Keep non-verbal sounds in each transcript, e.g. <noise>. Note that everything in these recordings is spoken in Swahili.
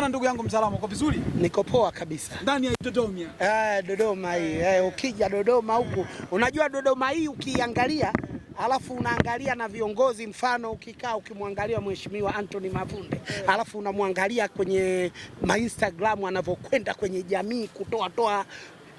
Bwana ndugu yangu msalamu, uko vizuri? Niko poa kabisa. Ndani ya Dodoma. Eh, Dodoma hii. Eh, ukija Dodoma huku, unajua Dodoma hii ukiangalia, alafu unaangalia na viongozi, mfano ukikaa ukimwangalia Mheshimiwa Anthony Mavunde, alafu unamwangalia kwenye ma Instagram anavyokwenda kwenye jamii kutoa toa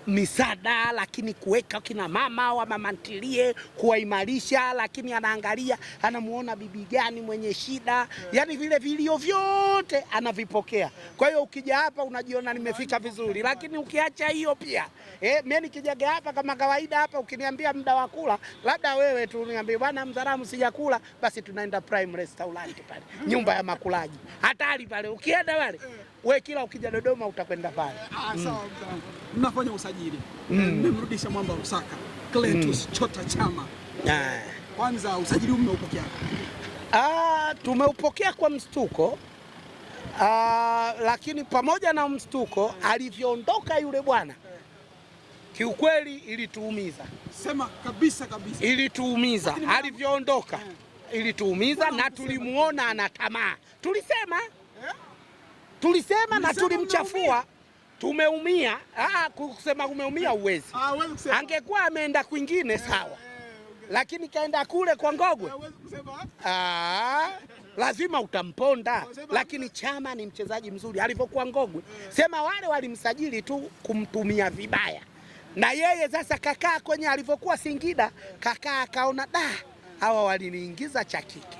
misaada, lakini kuweka kina mama wamamantilie, kuwaimarisha, lakini anaangalia anamuona bibi gani mwenye shida, yani vile vilio vyote anavipokea. Kwa hiyo ukija hapa unajiona nimefika vizuri, lakini ukiacha hiyo pia eh, mimi nikijaga hapa kama kawaida hapa, ukiniambia muda wa kula, labda wewe tu niambie bwana Mzaramu sijakula, basi tunaenda Prime Restaurant pale, nyumba ya makulaji hatari pale, ukienda pale we kila ukija Dodoma utakwenda pale. Ah, sawa, mm. mnafanya usajili, mmemrudisha mwamba Rusaka Cletus mm. Chota Chama, ah. kwanza usajili umeupokea? Ah, tumeupokea kwa mstuko ah, lakini pamoja na mstuko alivyoondoka yule bwana kiukweli ilituumiza. Sema kabisa kabisa, ilituumiza alivyoondoka, eh. ilituumiza na tulimuona ana tamaa, tulisema tulisema na tulimchafua tumeumia. Ah, ah, kusema umeumia uwezi. Ah, Angekuwa ameenda kwingine eh, sawa, eh, lakini kaenda kule kwa Ngogwe. Ah, ah lazima utamponda, lakini Chama ni mchezaji mzuri alivyokuwa Ngogwe. Sema wale walimsajili tu kumtumia vibaya, na yeye sasa kakaa kwenye alivyokuwa Singida, kakaa akaona da, hawa waliniingiza cha kike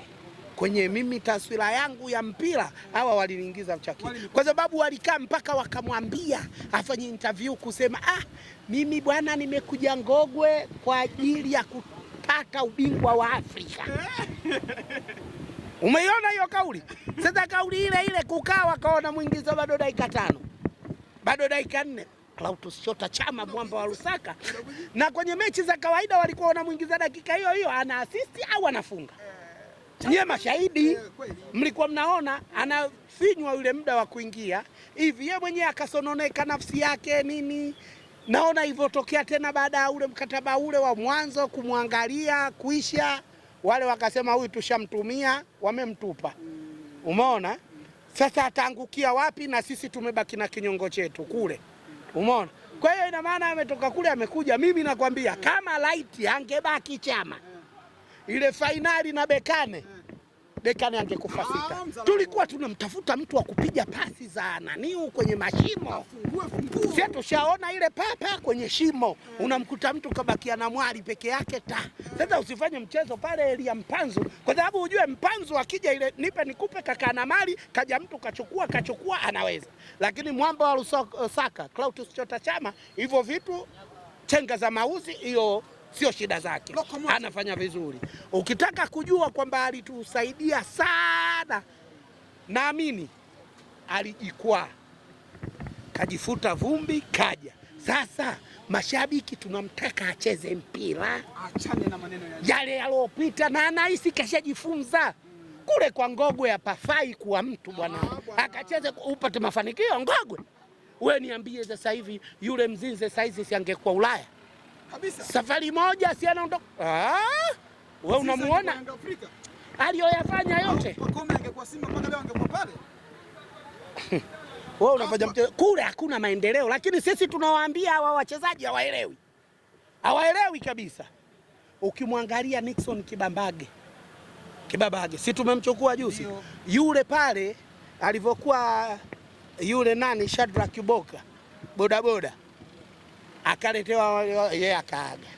kwenye mimi taswira yangu ya mpira hawa waliniingiza Mchakii kwa sababu walikaa mpaka wakamwambia afanye interview kusema ah, mimi bwana nimekuja Ngogwe kwa ajili ya kupata ubingwa wa Afrika. <laughs> Umeiona hiyo kauli? Sasa kauli ile ile kukaa wakaona mwingizo bado dakika tano bado dakika nne Clatous Chota Chama mwamba wa Lusaka, na kwenye mechi za kawaida walikuwa wanamwingiza dakika hiyo hiyo ana assist au anafunga. Eh. Nyie mashahidi mlikuwa mnaona anafinywa yule muda wa kuingia hivi, yeye mwenyewe akasononeka nafsi yake nini. Naona ilivyotokea tena baada ya ule mkataba ule wa mwanzo kumwangalia kuisha, wale wakasema huyu tushamtumia, wamemtupa. Umeona sasa ataangukia wapi? Na sisi tumebaki na kinyongo chetu kule, umeona. Kwa hiyo ina maana ametoka kule amekuja. Mimi nakwambia kama laiti angebaki chama ile fainali na Bekane Dekani angekufa sita. Tulikuwa tunamtafuta mtu wa kupiga pasi za naniu kwenye mashimo, sie tushaona ile papa kwenye shimo, unamkuta mtu kabakia na mwali peke yake ta. Sasa usifanye mchezo pale Elia Mpanzu, kwa sababu hujue Mpanzu akija ile nipe nikupe kaka na mali, kaja mtu kachukua kachukua, anaweza lakini mwamba wa Lusaka Clatous Chota Chama, hivyo vitu chenga za mauzi hiyo sio shida zake, anafanya vizuri. Ukitaka kujua kwamba alitusaidia sana, naamini alijikwaa, kajifuta vumbi, kaja sasa mashabiki tunamtaka acheze mpira, achane na maneno yale yaliyopita, na anahisi kashajifunza kule kwa Ngogwe. Hapafai kuwa mtu bwana ah, akacheze upate mafanikio Ngogwe. We niambie, sasa hivi yule Mzinze saizi si angekuwa Ulaya kabisa. Safari moja si anaondoka. Ah! Wewe unamuona aliyoyafanya yote. Pakome angekuwa Simba mpaka leo angekuwa pale. <laughs> Wewe unafanya mchezo kule, hakuna maendeleo, lakini sisi tunawaambia hawa wachezaji hawaelewi, hawaelewi kabisa. Ukimwangalia Nixon Kibambage, Kibabage, si tumemchukua juzi yule pale alivyokuwa yule nani Shadrack Kiboka bodaboda akaletewa yeye, akaaga,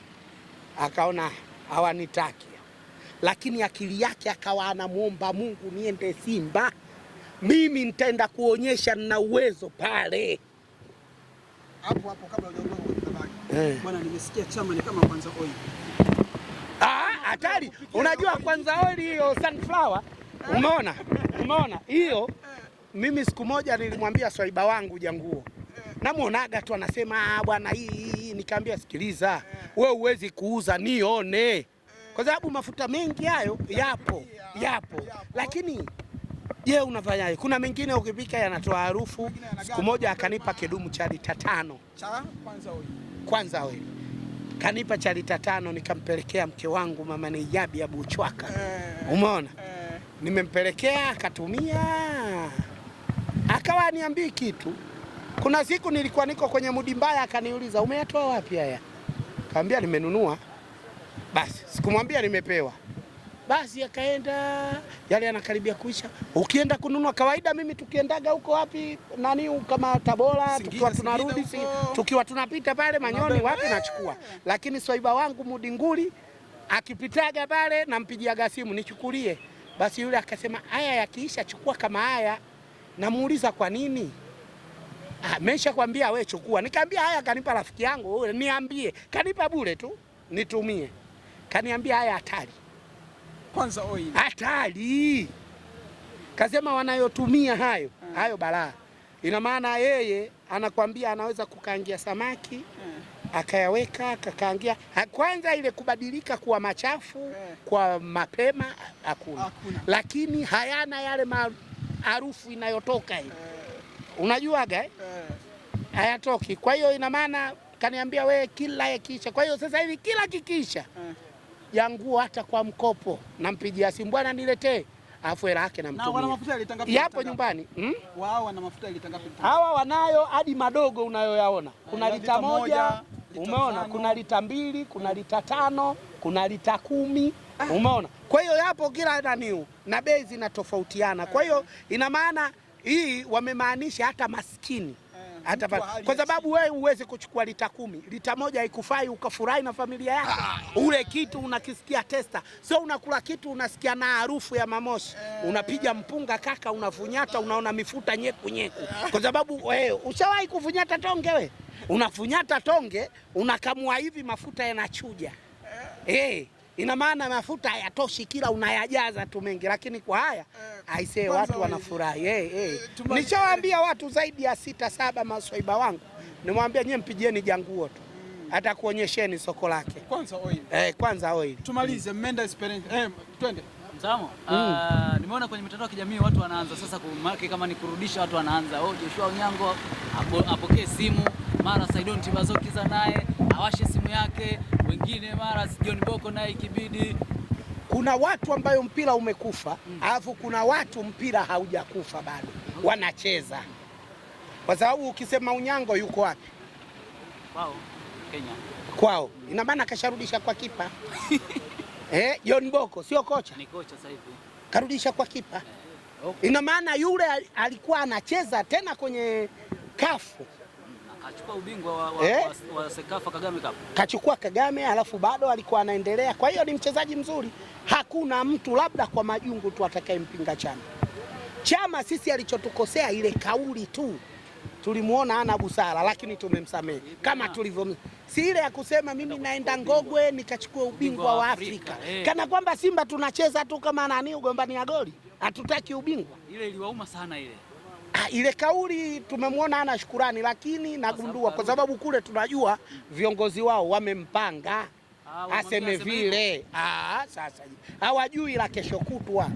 akaona hawanitaki, lakini akili yake akawa anamwomba Mungu, niende Simba, mimi nitaenda kuonyesha nina uwezo pale. Hapo hapo kabla hujaondoka, eh. bwana, nimesikia chama ni kama kwanza oil. Ah, hatari! Unajua kwanza oil hiyo sunflower, umeona, umeona hiyo. Mimi siku moja nilimwambia swaiba wangu Janguo, eh. namwonaga tu anasema ah, bwana, hii nikaambia sikiliza, we huwezi kuuza nione, kwa sababu mafuta mengi hayo yapo yapo, lakini je, unafanyaje? Kuna mengine ukipika yanatoa harufu. Siku moja akanipa kidumu cha lita tano kwanza we kanipa cha lita tano nikampelekea mke wangu mama Nijabi ya Buchwaka. Eh. Umeona, eh. nimempelekea akatumia, akawa aniambii kitu kuna siku nilikuwa niko kwenye mudi mbaya, akaniuliza umeyatoa wapi haya? Kaambia nimenunua. Basi sikumwambia nimepewa. Basi akaenda yale yanakaribia kuisha. Ukienda kununua kawaida, mimi tukiendaga huko wapi nani kama Tabora, tukiwa tunarudi, tukiwa tunapita pale Manyoni wapi nachukua, lakini swaiba wangu mudi nguli akipitaga pale nampigiaga simu nichukulie. Basi yule akasema haya yakiisha, chukua kama haya. Namuuliza kwa nini? amesha ah, kwambia we chukua. nikaambia haya, kanipa rafiki yangu niambie, kanipa bure tu nitumie, kaniambia haya, hatari kwanza, oil hatari, kasema wanayotumia hayo eh. hayo balaa. Ina maana yeye anakwambia anaweza kukaangia samaki eh. akayaweka akakaangia. Kwanza ile kubadilika kuwa machafu eh. kwa mapema hakuna, lakini hayana yale harufu inayotoka ile unajuaga eh? eh? hayatoki. Kwa hiyo ina maana kaniambia wewe, kila yakisha. Kwa hiyo sasa hivi kila kikisha eh. yangu hata kwa mkopo nampigia simu, bwana niletee, afu hela yake namtumia, yapo nyumbani hmm? Wao wana mafuta ile Hawa wanayo hadi madogo unayoyaona, kuna eh, lita moja umeona, kuna lita mbili, kuna lita tano, kuna lita kumi ah. umeona. Kwa hiyo yapo kila naniu na bei zinatofautiana, kwa hiyo ina maana hii wamemaanisha hata maskini eh, hata kwa sababu wewe huwezi kuchukua lita kumi, lita moja haikufai ukafurahi na familia yako. Ah. Ule kitu unakisikia testa, sio unakula kitu unasikia na harufu ya mamoshi, eh. unapiga mpunga kaka, unavunyata unaona mifuta nyeku nyeku, kwa sababu wewe eh, ushawahi kuvunyata tonge. We unafunyata tonge, unakamua hivi, mafuta yanachuja eh. Ina maana mafuta hayatoshi, kila unayajaza tu mengi, lakini kwa haya eh, aisee, watu wanafurahi. Hey, eh, eh. hey. Nishawaambia watu zaidi ya sita saba maswaiba wangu, nimwambia nyie mpigieni janguo tu hmm. kuonyesheni soko lake kwanza oil. Eh, kwanza oil. Tumalize mmenda experience. Eh, twende. Msamo. Uh, hmm. ah, nimeona kwenye mitandao ya kijamii watu wanaanza sasa kumaki kama ni kurudisha watu wanaanza. Oh, Joshua Onyango apokee simu, mara Saidon Tibazokiza naye awashe simu yake wengine mara John Boko naye ikibidi kuna watu ambayo mpira umekufa mm. alafu mm. Kuna watu mpira haujakufa bado wanacheza, kwa sababu ukisema Unyango yuko wapi? Wow. Kenya kwao, ina maana kasharudisha kwa kipa <laughs> eh, John Boko sio kocha, ni kocha sasa hivi, karudisha kwa kipa eh, okay. Ina maana yule alikuwa anacheza tena kwenye kafu achukua ubingwa wa, wa, eh? wa, wa Sekafa Kagame Cup. Kachukua Kagame alafu bado alikuwa anaendelea. Kwa hiyo ni mchezaji mzuri, hakuna mtu labda kwa majungu tu atakayempinga Chama. Chama sisi alichotukosea ile kauli tu tulimuona ana busara, lakini tumemsamehe kama tulivyo, si ile ya kusema mimi naenda Ngogwe nikachukua ubingwa wa Afrika eh. kana kwamba Simba tunacheza tu kama nani ugombani ya goli, hatutaki ubingwa. Ile iliwauma sana ile Ah, ile kauli tumemwona ana shukurani, lakini nagundua kwa sababu kule tunajua viongozi wao wamempanga ah, aseme vile. Ah, sasa hawajui la kesho kutwa.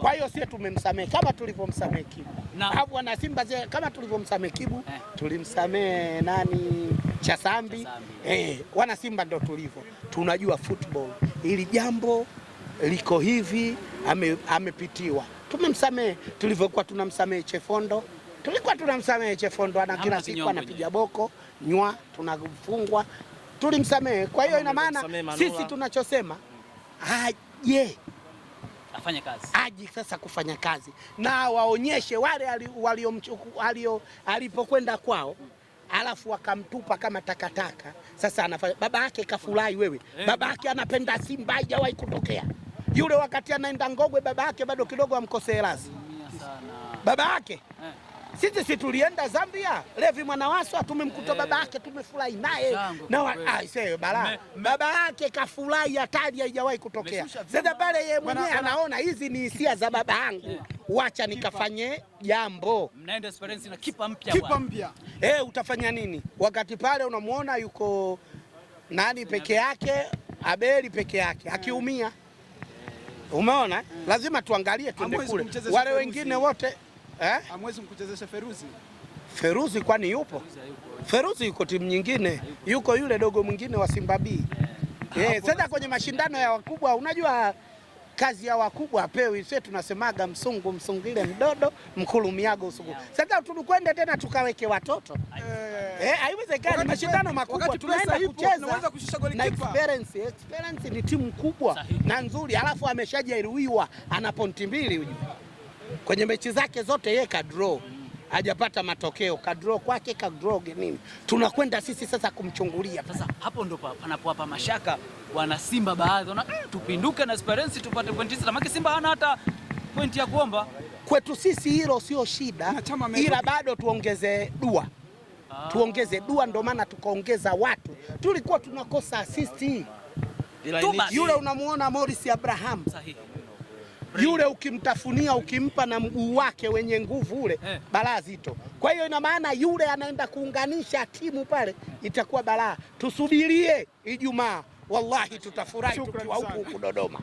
Kwa hiyo sie tumemsamehe kama tulivyomsamehe Kibu na ah, Simba ze, kama tulivyomsamehe Kibu eh, tulimsamehe nani Chasambi, Chasambi. Eh, wana Simba ndo tulivyo, tunajua football, ili jambo liko hivi, amepitiwa ame tumemsamehe tulivyokuwa tunamsamehe Chefondo, tulikuwa tunamsamehe Chefondo ana kila siku anapiga boko nywa, tunafungwa tulimsamehe. Kwa hiyo ina maana sisi tunachosema aje afanye kazi, aje sasa kufanya kazi na waonyeshe wale alipokwenda kwao alafu wakamtupa kama takataka. Sasa anafanya baba yake kafurahi, wewe eh. baba yake anapenda Simba, haijawahi kutokea yule wakati anaenda Ngogwe baba yake bado kidogo amkosee lazi baba yake eh. Sisi si tulienda Zambia Levi Mwanawaswa, tumemkuta baba yake, tumefurahi naye na aisee, bala baba yake kafurahi, hatari haijawahi kutokea. Sasa pale yeye mwenyewe anaona hizi ni hisia za baba yangu, eh. wacha nikafanye jambo. Mnaenda experience na kipa mpya, kipa mpya eh, utafanya nini? Wakati pale unamwona yuko nani peke yake, Abeli peke yake akiumia Umeona mm. Lazima tuangalie tuende kule. Wale wengine wote eh? Hamwezi mkuchezesha Feruzi. Feruzi kwani yupo? Feruzi yuko timu nyingine, yuko yule dogo mwingine wa Simba B. Yeah. yeah. sasa kwenye mashindano ya wakubwa unajua kazi ya wakubwa apewi. Sisi tunasemaga msungu msungile mdodo mkulumiago usugu. Sasa tulikwenda tena tukaweke watoto. Eh. Eh, eh, haiwezekani mashindano makubwa tunaenda kucheza na experience. Experience ni timu kubwa na nzuri, alafu ameshajeruhiwa ana pointi mbili huyu kwenye mechi zake zote, yeye ka draw hajapata matokeo, ka draw kwake, ka draw nini. Tunakwenda sisi sasa kumchungulia. Sasa hapo ndo panapowapa mashaka wana Simba baadhi, na mm, tupinduke na experience tupate pointi sita, maana Simba hana hata pointi ya kuomba. Kwetu sisi hilo sio shida, ila bado tuongeze dua tuongeze dua, ndo maana tukaongeza watu. Tulikuwa tunakosa asisti. Yule unamuona Morris Abraham yule ukimtafunia ukimpa na mguu wake wenye nguvu ule eh. balaa zito. Kwa hiyo ina maana yule anaenda kuunganisha timu pale, itakuwa balaa. Tusubirie Ijumaa, wallahi tutafurahi tukiwa huku huku Dodoma.